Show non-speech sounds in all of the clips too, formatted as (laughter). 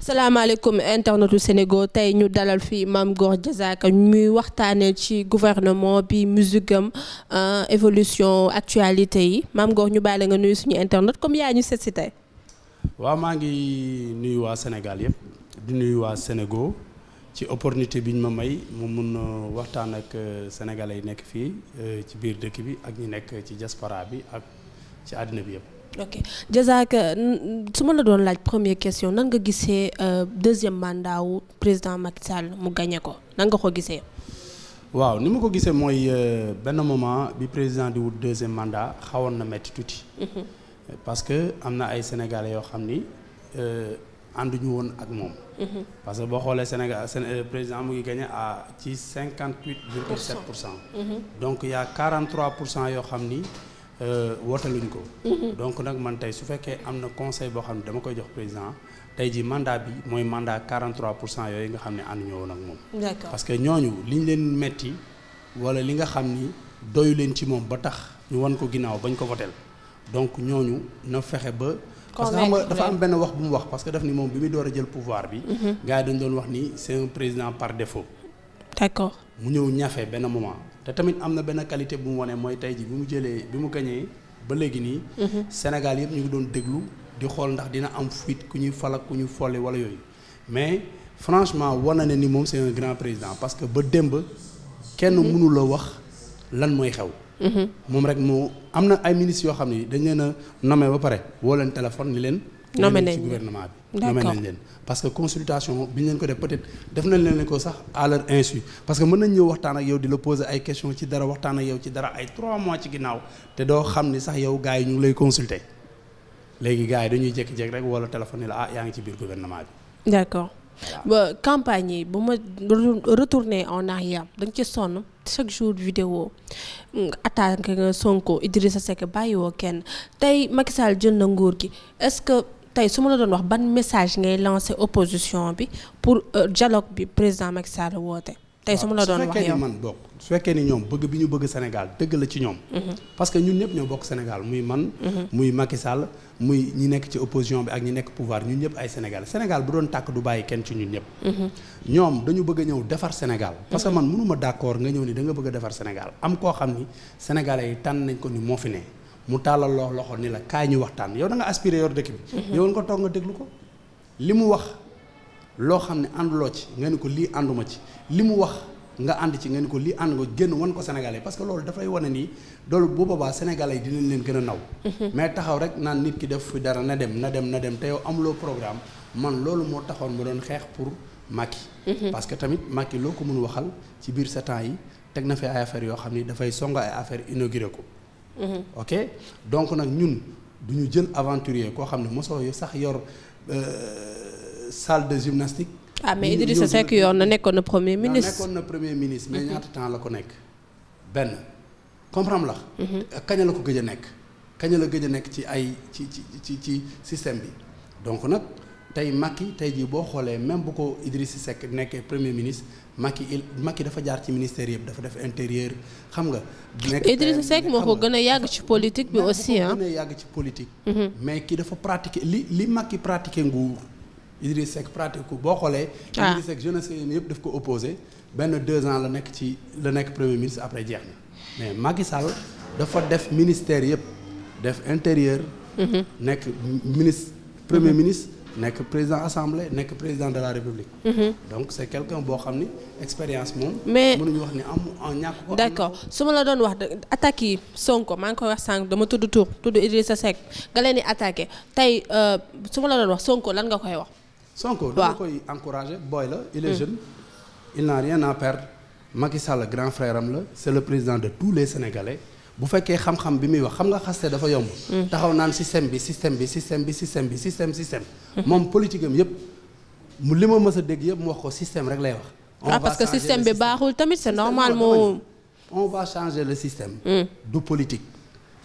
salaamaaleykum internetu Sénégal tey ñu dalal fi Mame Gor Diazaka ñuy waxtaanee ci gouvernement bi musique euh, évolution actualité yi Mame Gor ñu bale nga nuyu suñu internet comme yaa ñu seet tey. waaw maa ngi nuyu waa Sénégal yëpp di nuyu waa Sénégal. ci opportunité bi ñu ma may mu mun waxtaan ak euh, sénégalais yi nekk fii euh, ci biir dëkk bi ak ñi nekk ci diaspora bi ak ci àddina bi yëpp. ok euh, su ma la doon laaj première question nan nga gisee deuxième mandat wu président Macky Sall mu gagné ko nan nga ko gisee. waaw ni ma ko gisee mooy benn moment bi président di wut deuxième mandat xawoon na metti tuuti. Mhm. parce que am na ay sénégalais yoo xam ni. ànduñu woon ak moom. Mhm. parce que boo xoolee Sénégal seen euh, président mu ngi gagné à ci cinquante huit virgule sept pour cent. Mhm. donc y' a pour cent yoo xam ni euh, wootaluñ ko. Mhm. donc nag man tey su fekkee am na conseil boo xam ne dama koy jox président tey ji mandat bi mooy mandat quarante trois pour cent yooyu nga xam ne ànduñu woon ak moom. d'accord parce que ñooñu liñ leen metti wala li nga xam ni doyu leen ci moom ba tax ñu wan ko ginnaaw bañ ko voteel donc ñooñu na fexe ba. parce que dafa am benn wax bu mu wax parce que daf ni moom bi muy door a jël pouvoir bi. Mhm. gars yi doon wax ni c'est un président par defo d'accord mu ñëw ñafe benn moment te tamit am na benn qualité bu mu wane mooy tey ji bi mu jëlee bi mu gañee ba léegi nii. Mhm. Sénégal yëpp ñu ngi doon déglu di xool ndax dina am fuite ku ñuy falak ku ñuy folli wala yooyu mais franchement wane na ni moom c'est un grand président parce que ba démb kenn mhm. mënu wax lan mooy xew. moom rek moo am na ay ministres yoo xam ne dañ leen a ba pare woo leen téléphone ni leen. nommé nañ ci gouvernement bi. nommé nañ leen parce que consultation bi ñu ko def peut-être def nañ leen ko sax à leur parce que mën nañ ñëw waxtaan ak yow di la poser ay questions ci dara waxtaan ak yow ci dara ay 3 mois ci ginnaaw te doo xam ni sax yow gars yi ñu ngi lay consulter léegi gars yi dañuy jékki-jékki rek wala téléphone ni la ah yaa ngi ci biir gouvernement bi. d'accord ba campagne yi bu ma retourner en arrière dañ ci sonn. chaque jour vidéo attaqué nga Sonko Idrissa Seck bàyyiwoo kenn tey Macky Sall jël na nguur gi est-ce que tey su ma la doon wax ban message ngay lancer opposition bi pour euh, dialogue bi président Macky Sall woote. tey su ma la doon wax yow man bokk su fekkee ni ñoom bëgg bi ñu bëgg Sénégal dëgg la ci ñoom. Mhm. parce que ñun ñëpp ñoo bokk Sénégal muy man. Mhm. muy Macky Sall muy ñi nekk ci opposition bi ak ñi nekk pouvoir ñun ñëpp ay Sénégal Sénégal bu doon tàkk du bàyyi kenn ci ñun ñëpp. Mhm. ñoom dañu bëgg a ñëw defar Sénégal. parce que man mënuma d'accord nga ñëw ni da nga bëgg a defar Sénégal am koo xam ni sénégalais yi tànn nañ ko ni moo fi ne mu tàllal loo loxo ni la kaay ñu waxtaan yow da nga aspiré yor dëkk bi. ñëwoon ko li mu wax loo xam ne ànduloo ci nga ko lii ànduma ci li mu wax nga ànd ci nga ni ko li ànd nga génn wan ko sénégalais parce que loolu dafay wane nii loolu bu boobaa sénégalais dinañ leen gën a naw mhm. mais taxaw rek naan nit ki def fi dara na dem na dem na dem te yow amuloo programme man loolu moo taxoon ma doon xeex pour Macky mhm. parce que tamit Macky loo ko mun waxal ci biir sept ans yi teg na fi ay affaires yoo xam ni dafay song ay affaires inauguré ko mhm. ok donc nag ñun du ñu jël aventurier koo xam ne mosoo sax yor euh, salle de gymnastique ah mais Idrissa Seck yoon na nekkoon na premier ministre nekkoon na premier ministre mais mhm. ñaata temps la ko nekk benn comprendre la mhm. kañ la ko gëj a nekk kañ la gëj a nekk ci ay ci ci ci ci système bi donc nag tey Macky tey jii boo xoolee même bu ko Idrissa Seck nekkee premier ministre Macky il Macky dafa jaar ci ministère yëpp dafa def intérieur xam nga. nekk Idrissa Seck moo ko gën a yàgg ci politique bi aussi ah. gën a yàgg ci politique. Mhm. mais ki dafa pratiquer li li Macky pratiquer nguur. Idriss Seck pratique ko boo xoolee. ah Idriss Seck jeunesse yëpp daf ko opposé benn deux ans la nekk ci la nekk premier ministre après jeex na mais Macky Sall dafa def ministère yëpp def intérieur. Mhm. nekk ministre premier mhm. ministre. nekk président assemblée nekk président de la république. Mm -hmm. donc boo xam ni expérience moom. mais mënuñu wax ni am en ñàkk ko. accord su ma la doon wax attaques yi Sonko maa ngi koy wax sànq dama tudd tur tudd sa Seck nga leen di attaqué tey euh, su ma la doon wax Sonko lan nga koy wax. Sonko dama koy encouragé booy la il est hmm. jeune il n'a rien à perdre Macky Sall grand frère am la c'est le président de tous les Sénégalais bu fekkee xam-xam bi muy wax xam nga xaste dafa yomb hmm. taxaw naan système bi système bi système bi système bi système système moom politique am yëpp mu li ma mës a dégg yëpp mu wax ko système rek lay wax ah parce que système bi baaxul tamit c'est normal moo on va changer le système hmm. du politique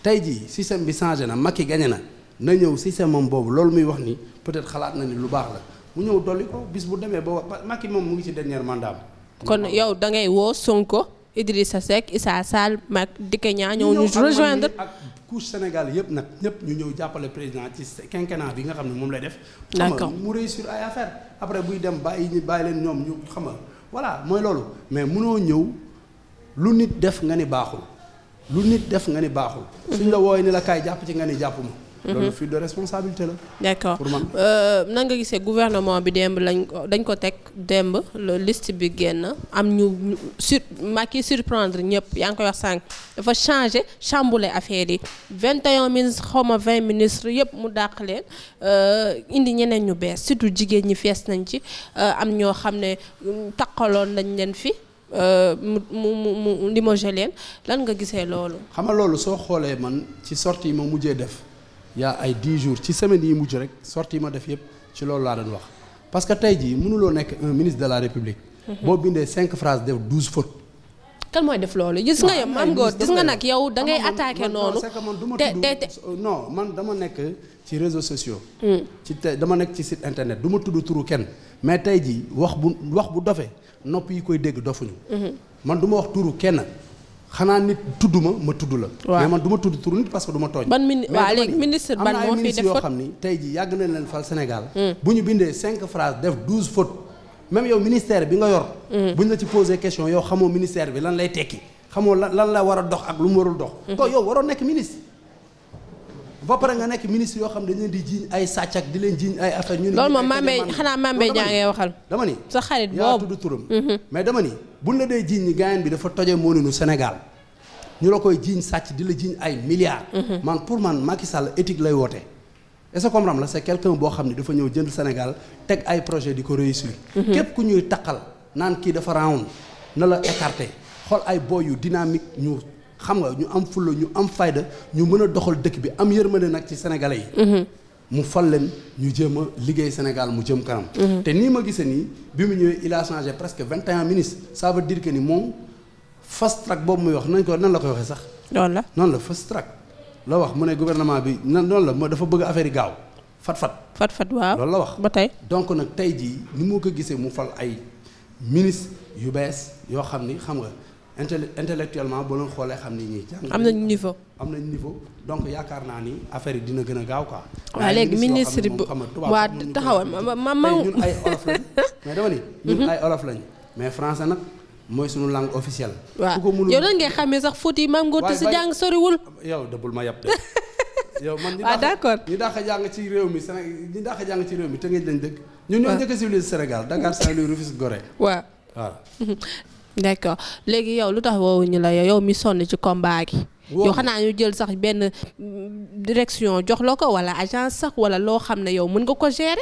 tey jii système bi changé na Macky gagné na na ñëw système am boobu loolu muy wax ni peut-être xalaat na lu baax mu ñëw dolli ko bis bu demee ba wax moom mu ngi ci dernier mandat kon yow da ngay woo Sonko sa Seck Issa Sall mag dikke ñaa ñëw ñu rejoindre ak couche Sénégal yëpp nag ñëpp ñu ñëw jàppale président ci quinquennat bi nga xam ne moom lay def. d'accord mu réussir ay affaire après buy dem bàyyi ñu bàyyi leen ñoom ñu xam nga voilà mooy loolu mais mënoo ñëw lu nit def nga ni baaxul lu nit def nga ne baaxul. suñ la mhm. wooyee ni la kaay jàpp ci nga ne jàpp ma loolu fuite de responsabilité la. d' accord pour man euh, nan nga gisee gouvernement bi démb lañ ko dañ ko teg démb list bi génn am ñu sur Macky surprendre ñëpp yaa ngi koy wax sànq dafa changé chamboulé affaire yi 21 ministres xaw ma 20 yëpp mu dàq leen euh, indi ñeneen ñu bees surtout jigéen ñi fees nañ ci euh, am ñoo xam ne mm, taqaloon nañ leen fi. mu mu mu limogé leen lan nga gisee loolu. xam nga loolu soo xoolee man ci sortie yi ma mujjee def. yaa ay 10 jours ci semaine yi mujj rek sorti ma def yëpp ci loolu laa doon wax parce que tey jii mënuloo nekk un ministre de la république. Mhm. boo bindee cinq phrases def douze fautes. kan mooy def loolu gis nga yow maam Ngor gis nga nag yow da ngay attaqué noonu. te te euh, non man dama nekk ci réseau sociaux. Hmm. ci te dama nekk ci site internet du ma tudd turu kenn mais tey jii wax bu wax bu dofee nopp yi koy dégg dofuñu. Hmm. man du ma wax turu kenn. xanaa nit tudd ma ma tudd la. mais man duma tudd tur nit parce que du ma tooñ. ban ministre waaw léegi ministre ban moo fi def faute xam ni tey jii yàgg nañ leen fal Sénégal. Hmm. bu ñu bindee cinq phrases def douze fautes même yow ministère bi nga yor. Hmm. bu ñu la ci posé question yow xamoo ministère bi lan lay tekki xamoo lan lan la war a dox ak lu mu warul dox. kon hmm. yow waroo nekk ministre. ba pare nga nekk ministre yoo xam dañ leen di jiiñ ay sàcc ak di leen jiiñ ay affaire ñu ne loolu moom Mame Mbaye xanaa Mame Mbaye Niang ngay waxal dama ni sa xarit boobu yaa tudd turam mhm. mais dama ni buñ la dee jiiñ ñi gaayan bi dafa toje moo nu senegal ñu la koy jiiñ sàcc di la jiiñ ay milliards mhm. man pour man Macky Sall éthique lay woote est-ce que la c'est quelqu'un boo xam ne dafa ñëw jënd senegal teg ay projet di ko réussir mhm. képp ku ñuy taqal naan kii dafa round na la écarté ay boy yu dynamique ñu xam nga ñu am fulla ñu am fayda ñu mën a doxal dëkk bi am yërmande nag ci sénégalais yi. Mhm. mu fal leen ñu jéem a liggéey Sénégal mu jëm kanam. Mhm. te nii ma gisee nii bi mu ñëwee il a changé presque vingt et un ministres ça veut que ni moom fast track boobu muy wax nañ ko nan la koy waxee sax. noonu la noonu la fast track wax mu ne gouvernement bi nan noonu la moo dafa bëgg affaire gaaw fat-fat. fat-fat waaw loolu la wax ba tey. donc nag tey jii ni moo ko gisee mu fal ay ministres yu bees yoo xam ni xam nga. intell intellectuellement boo leen xoolee xam ni ñuy jàng. am nañu niveau am nañu niveau donc yaakaar naa ni affaire yi dina gën a gaaw quoi. waaw léegi ministre bu waa taxawal ma ma ma. ñun ay olof lañ (laughs) mais dama ni. ñun mhm. ay olof lañ mais français nag mooy suñu langue officielle. waaw yow nan ngay xamee sax foot yi maam Ngothie si jàng soriwul. yow dëbbul ma yab de. (laughs) yow man ñu d'accord ñu dàq jàng ci réew mi Sénégal ñu dàq jàng ci réew mi Tëngéej lañ dëkk. ñun ñoo njëkk a civilisé Sénégal Dakar Saint-Louis Rufisque Gorée. waaw waaw. Mhm. d'accord léegi yow lu tax woowuñu la yow mi sonn ci combat gi. yow xanaa ñu jël sax benn mm, direction jox la ko wala agence sax wala loo xam ne yow mën nga ko gérer.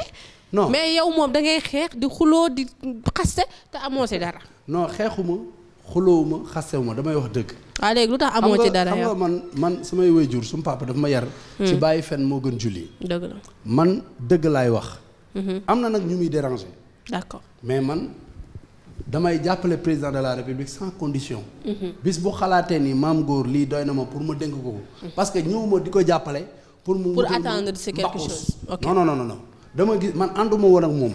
non mais yow moom da ngay xeex di xuloo di te amoo si dara. non xeexuma xuloowuma xastewuma damay wax dëgg. waaw ah, léegi lu tax amoo ci dara yow xam man man samay waajur sum papa daf ma yar. Hmm. ci bàyyi fen moo gën julli. dëgg la man dëgg laay wax. Hmm. am na nag ñu muy déranger. d'accord mais man. damay jàppale président de la république sans condition. Mhm. bis bu xalaatee ni maam góor lii doy na ma pour ma dénk ko. Mhm. parce que ñëwuma di ko jàppale. pour mu pour attendre si quelque chose dama gis man ànduma woon ak moom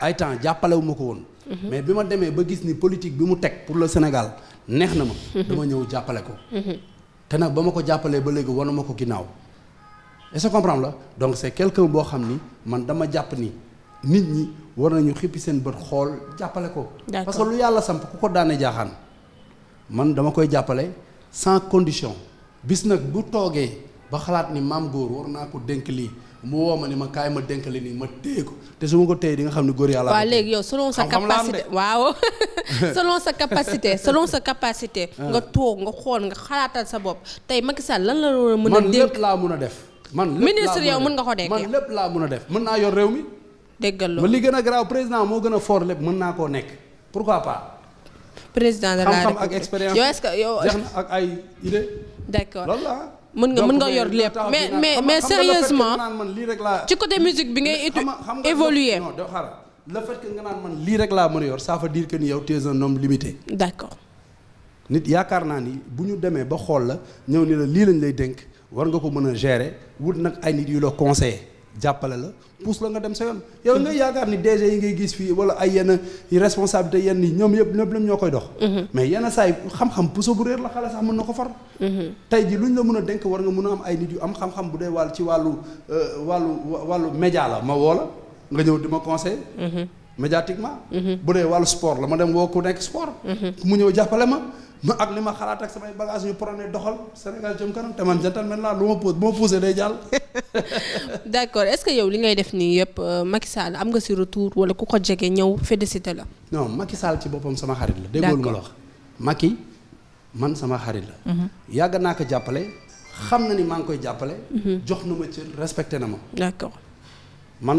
ay temps jàppalewu ma ko woon. Mhm. mais bi ma demee ba gis ni politique bi mu teg pour le Sénégal neex na ma. dama ñëw jàppale ko. te nag ba ma ko jàppalee ba léegi wana ma ko ginnaaw est-ce que la donc c'est quelqu'un boo xam ni man dama jàpp nii nit ñi war nañu xippi seen bët xool jàppale ko. parce que lu yàlla samp ku ko daane jaaxaan man dama koy jàppale sans condition bis nag bu toogee ba xalaat ni maam góor war naa ko dénk lii mu woo ma ni ma kaay ma dénk nii ma su ma ko téye di nga xam ni góor yàlla. waaw léegi yow selon sa capacité waaw (laughs) selon sa capacité selon sa capacité. (laughs) Ah. nga toog nga xool nga xalaatal sa bopp tey Macky Sall lan la war a man lépp laa mën a def. man lépp mën ministre yow mën nga ko dénk. man lépp laa mun a def mën naa yor réew mi. déggal loolu li gën a garaaw président moo gën a fort lépp mën naa koo nekk pour pourquoi pa président de la république xam-xam yow est-ce que yow jeex ak ay idée. d'accord loolu la mën nga mën nga yor lépp mais mais mais sérieusement ci côté musique bi ngay évoluer non xaaral le fait que nga naan man lii rek laa mën a yor ça veut dire que ni yow tu es un homme limité. d'accord. nit yaakaar naa ni bu ñu demee ba xool la ñëw ni la lii lañ lay dénk war nga ko mën a gere wut nag ay nit yu la conseiller. jàppale la pousse la nga dem sa yoon. yow nga yaakaar ni DG yi ngay gis fii wala ay yenn responsabilité yenn yi ñoom yëpp ñëpp ñoo koy dox. Mhm. mais yenn saa yi xam-xam puso bu réer la xale sax mën na ko far. Mhm. tey ji luñ la mën a dénk war nga mën a am ay nit yu am xam-xam bu dee wàll ci wàllu euh, wàllu wàllu média la ma woo la nga ñëw di ma conseil mhm. médiatiquement. bu dee wàllu sport la ma dem woo ku nekk sport. mu ñëw jàppale ma. ma ak li ma xalaat ak samay bagage ñu prôné doxal Sénégal jëm kanam te man jantal man laa lu ma pose bu (laughs) (laughs) d' accord est ce que yow li ngay def nii yëpp euh, Macky Sall am nga si retour wala ku ko jege ñëw félicité la. non Macky ci boppam sama xarit la. déggoolu ma la wax man sama la. Mhm. yàgg naa ko jàppale xam na ni maa ngi koy jàppale. Mhm. jox na ma ma. d' accord ma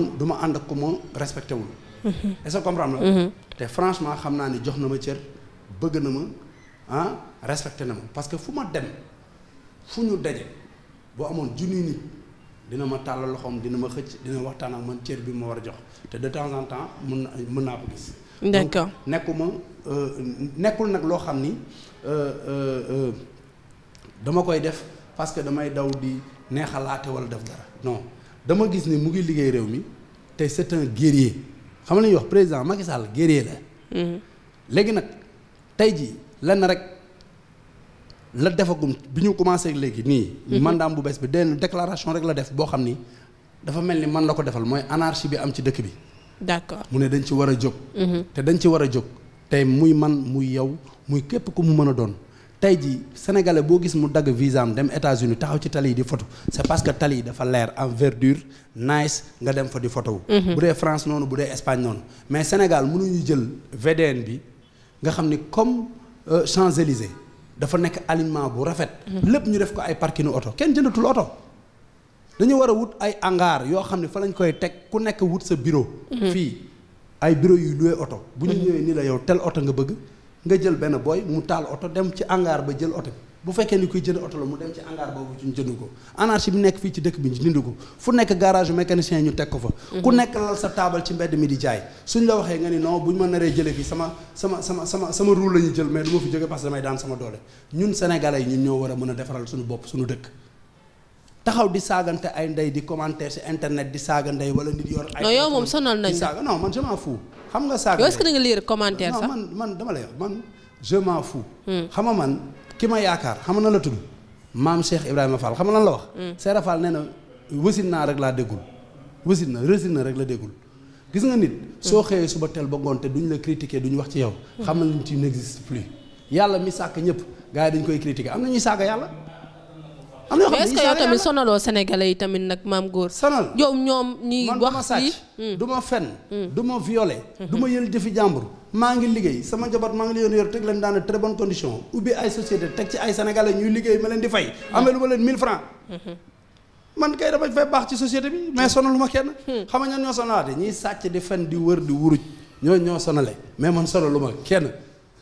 ànd ak ko moo respecté wul. Mhm. est ce que comprendre te franchement xam naa ni jox na ma cër bëgg na ma ah respecté na ma parce que fu ma dem fu ñu daje boo amoon junni nit. dina ma tàllal loxoom dina ma xëcc dina waxtaan ak man cër bi ma war a jox te de temps en temps mën na mën naa ko gis. d'accord nekkuma euh, nekkul nag loo xam ni euh, euh, dama koy def parce que damay daw di neexalaate wala def dara non dama gis ni mu ngi liggéey réew mi te c'est un guerrier xam nga wax président Macky Sall guerrier la. Mm-hmm. léegi nag tey jii lenn rek. la defagum bi ñu commencé léegi nii. Mhm. mandaam bu bees bi dégg déclaration rek la def boo xam ni dafa mel ni man la ko defal mooy anarchie bi am ci dëkk bi. d'accord mu ne dañ ci war a jóg. Mhm. te dañ ci war a jóg tey muy man muy yow muy képp ku mu mën a doon. tey jii sénégalais boo gis mu dagg visaam dem États-Unis taxaw ci tali yi di foto c'est parce que tali yi dafa leer en verdure nice nga dem fa di photo mhm. bu dee France noonu bu dee Espagne noonu mais Sénégal mënuñu jël VDN bi nga xam ni comme euh, champs dafa nekk alinement bu rafet. lépp ñu def ko ay parking oto kenn jëndatul oto. dañu war a wut ay hangar yoo xam ne fa lañ koy teg ku nekk wut sa biro mhm. fii ay biro yuy loué oto. bu ñu mhm. ñëwee nii la yow tel oto nga bëgg nga jël benn booy mu taal oto dem ci hangar ba jël oto bi. bu fekkee ni kuy jënd oto la mu dem ci hangar boobu ñu jënd ko anarchie bi nekk fii ci dëkk bi ñu dindi ko fu nekk garage mécanicien ñu teg ko fa mhm. ku nekk lal sa taabal ci mbedd mi di jaay suñ la waxee nga ni non bu ñu ma naree jële fii sama sama sama sama sama ruu la ñuy jël mais du ma fi jóge parce damay daan sama doole ñun sénégalais yi ñun ñoo war a mën a defaral suñu bopp suñu dëkk taxaw di saagante ay ndey di commentaire ci internet di saaga ndey wala nit yor ay yow moom sonal nañ saaga non man je m'en fous xam nga saaga yow est-ce que da nga lire man dama lay wax man je m'en fous hmm. xam ki ma yaakaar xam na la tudd maam Cheikh Ibrahima Fall xam na lan la wax. Mm. Seera Fall nee na wasin naa rek laa déggul wasin na rësin na rek la déggul gis nga nit. soo mm. xëyee suba teel ba ngoon te duñ la critiquer duñ wax ci yow. Mm. xam nañ ci n'existe plus yàlla mi sàkk ñëpp gars yi dañ koy critiquer am na ñuy sàkk yàlla. am na yoo xam ne est sonaloo sénégalais yi tamit nag maam góor. sonal yow ñoom ñuy wax lii hmm. du ma fen hmm. du ma violé hmm. du ma yël jëfi jàmbur maa ngi liggéey sama jabar maa ngi leen yor teg leen daana très bonne condition ubbi ay société teg ci ay sénégalais ñuy liggéey ma leen di fay amee lu ma leen 1000 francs man kay damay fay baax ci société bi mais sonalu ma kenn xam nga ñoom ñoo sonalaate ñiy sàcc di fen di wër di wuruj ñooñu ñoo sonale mais man sonalu ma kenn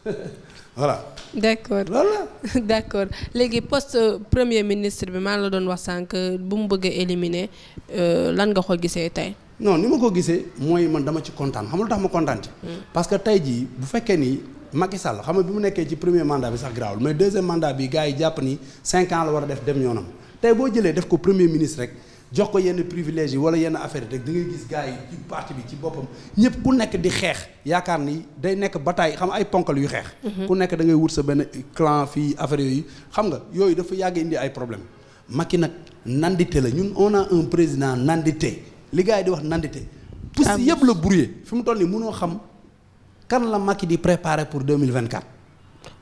(laughs) voilà. d' accord (laughs) d' accord léegi poste euh, premier ministre bi maa la doon wax sànq bu mu bëggee éliminer euh, lan nga ko gisee tey. non ni ma ko gisee mooy man dama ci kontaan xam tax ma kontaan ci. Hmm. parce que tey jii bu fekkee ni Macky Sall xam nga bi mu nekkee ci premier mandat bi sax garaawul mais deuxième mandat bi gars yi jàpp ni cinq ans la war a def dem yoonam tey boo jëlee def ko premier ministre rek. jox ko yenn privilège yi wala yenn affaire rek da ngay gis gars yi ci parti bi ci boppam ñëpp ku nekk di xeex yaakaar ni day nekk bataille xam ay ponkal yu xeex. Mhm. ku nekk da ngay wut sa benn clan fii affaire xam nga yooyu dafa yàgg indi ay problème Macky nag nandité la ñun on a un président nandité li gars yi di wax nandité. pousse yëpp la brouillé fi mu toll nii mënoo xam kan la Macky di préparer pour 2024.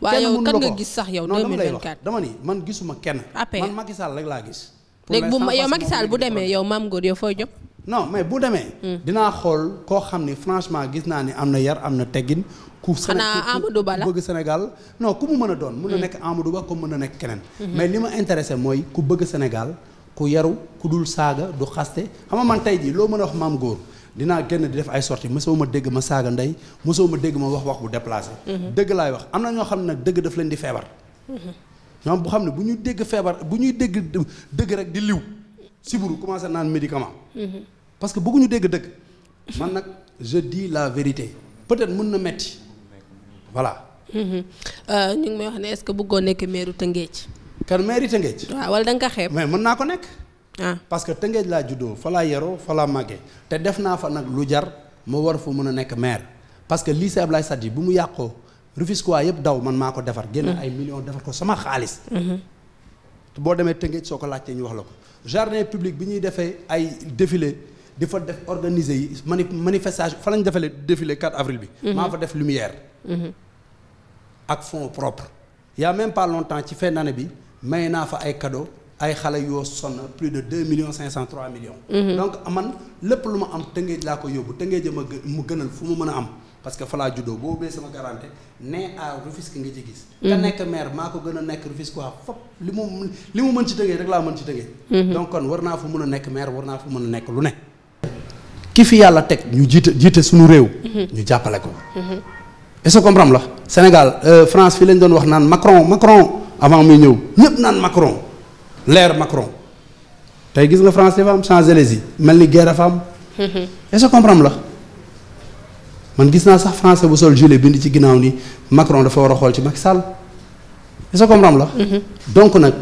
waaw yow kan nga gis sax yow 2024 dama ni man gisuma kenn. man Macky Sall rek laa gis. léegi bu yow Macky bu demee yow maam Ngor yow fooy jëm. non mais bu demee. Hmm. dinaa xool koo xam ni franchement gis naa ni am na yar am na teggin. ku xanaa Amadou Ba la bëgg Sénégal non ku mu mën a doon. mën na hmm. nekk Amadou Ba comme mën na nekk keneen. Hmm. mais li ma intéressé mooy ku bëgg Sénégal ku yaru ku dul saaga du xaste xam nga man tey jii loo mën a wax maam Ngor. dinaa génn di def ay sorties mosoo ma dégg ma saaga ndey mosoo ma dégg ma wax wax bu déplacé. dëgg laay wax am na ñoo xam ne dëgg daf leen di feebar. ñoom bu xam ne bu ñu dégg feebar bu ñuy dégg dëgg rek di liw siburu commencé naan médicament. Mm-hmm. parce que bëgguñu dégg dëgg. man nag jeu di la vérité peut-être mën na metti voilà. Mm-hmm. Euh, ñu ngi may wax ne est-ce que bëggoo nekk meeru Tëngéej. kan meeri Tëngéej. waaw wala da ko xeeb. mais mën naa ko nekk. ah parce que Tëngéej laa juddoo fa laa yaroo fa laa màggee te def naa fa nag lu jar ma war fa mën a nekk maire parce que lycée Ablaye Sadji bu mu yàqoo. Rufisque waa yëpp daw man maa ko defar. génn mm. ay millions defar ko sama xaalis. Mm-hmm. boo demee Tëngéej soo ko laajtee ñu wax la ko. jardin public bi ñuy defee ay défilé di fa def organiser yi mani manifestation fa lañ defalee défilé 4 avril bi. Mm-hmm. maa fa def lumière. Mm-hmm. ak fonds propre y' a même pas longtemps ci fin d'année bi may naa fa ay cadeau ay xale yoo sonn plus de deux millions cinq cent trois millions. donc man lépp lu ma am Tëngéej laa ko yóbbu Tëngéej mu gënal fu mu mën a am. parce que fa laa juddoo boo sama garanté ne à Rufisque nga ci gis. Mhm. ka nekk maire maa ko gën a nekk Rufisque waa fop li mu li mu mën ci tëngee rek laa mën ci tëngee. Mhm. donc kon war naa fa mën a nekk maire war naa fa mën a nekk lu ne. ki fi yàlla teg ñu jiite jiite suñu réew. Mhm. ñu jàppale ko. est la Sénégal euh, France fii lañ doon wax naan Macron Macron avant muy ñëw ñëpp naan Macron leer Macron tey gis nga France dafa am Champs-Élysées yi mel ni guerre dafa am. est la. man gis naa sax français bu sol gilet bind ci ginnaaw ni Macron dafa war a xool ci Macky Sall est-ce que comprendre la mhm. donc nag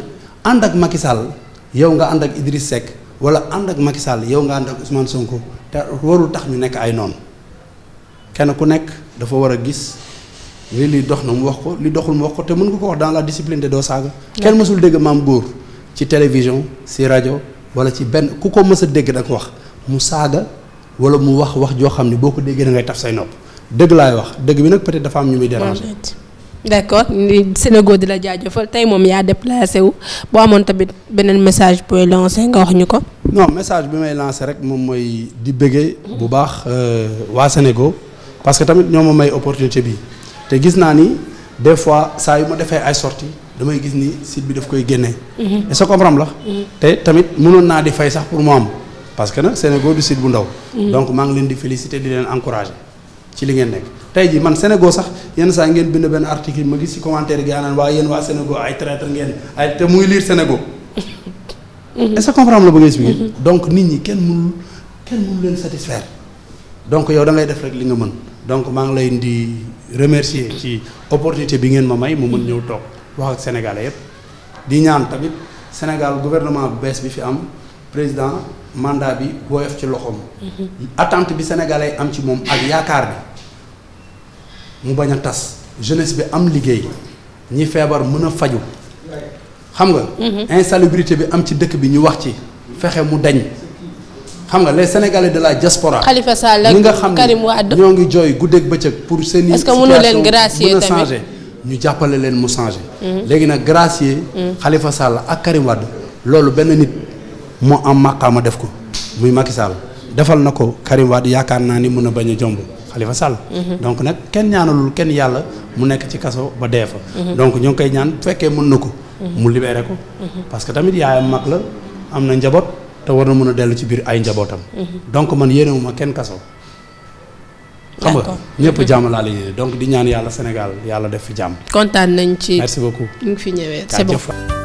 ànd ak Macky Sall yow nga ànd ak Idriss Seck wala ànd ak Macky Sall yow nga ànd ak Sonko te warul tax ñu nekk ay noon kenn ku nekk dafa war a gis li li dox na mu wax ko li doxul mu wax ko te mën ko ko wax dans la discipline de doo saaga kenn mësul dégg maam buur ci télévision si rajo wala ci benn ku ko mës a dégg da ko wax mu saaga wala mu wax wax joo xam ne boo ko déggee da ngay taf say nopp dëgg laay wax dëgg bi nag peut-être dafa am ñu muy déranger. d' accord Sénégal di la jaajëfal tey moom yaa déplacé wu boo amoon tamit beneen message booy lancé nga wax ñu ko. non message bi may lancé rek moom mooy di bëggee bu baax euh, waa Sénégal parce que tamit ñoo ma may opportunité bi te gis naa ni des fois saa yu ma defee ay sorti damay gis ni site bi daf koy génne mhm. est mhm. te tamit mënoon naa di fay sax pour mu am. parce que nag Sénégo du site bu ndaw. Mm. donc maa ngi leen di félicité di leen encourager ci li ngeen nekk. tey jii man Sénégo sax yenn saa ngeen bind benn article ma gis ci commentaire gaa naan waa yéen waa Sénégo ay traître ngeen ay te muy lire Sénégo. Mm-hmm. est-ce que comprendre la bëgg expliquer. Mm-hmm. donc nit ñi kenn mënul kenn mënul leen satisfaire. donc yow da def rek li nga mën donc maa ngi leen di remercier ci opportunité bi ngeen ma may mu mën ñëw toog wax ak sénégalais yépp di ñaan tamit Sénégal gouvernement bu bees bi fi am président. mandat bi woyof ci loxoom. Mhm. attente bi sénégalais am ci moom ak yaakaar bi mu bañ a tas jeunesse bi am liggéey ñi feebar mën a faju xam nga. Mhm. insalubrité bi am ci dëkk bi ñu wax ci fexe mu dañ. xam nga les sénégalais de la diaspora. Khalifa Sall ak Karim Wade ñoo ngi jooy guddeeg bëccëg pour seen i. est-ce que mënu leen gracier tamit changé ñu jàppale leen mu mhm. léegi nag gracier. Khalifa Sall ak Karim loolu benn nit. moo am màqaama def ko muy Macky Sall defal na ko Karim Wade yaakaar naa ni mën a bañ a jomb Khalifa Sall mhm. donc nag kenn ñaanalul kenn yàlla mu nekk ci kaso ba dee fa mhm. donc ñu ngi koy ñaan bu fekkee mën na ko mhm. mu libéré ko parce que tamit yaayam mag la am na njaboot te war na mën a dellu ci biir ay njabootam donc man yéenewuma kenn kaso xam nga ñëpp jàmm laa la yéene donc di ñaan yàlla Sénégal yàlla def fi jàmm kontaan nañ ci merci beaucoup ñu ngi fi ñëwee c'est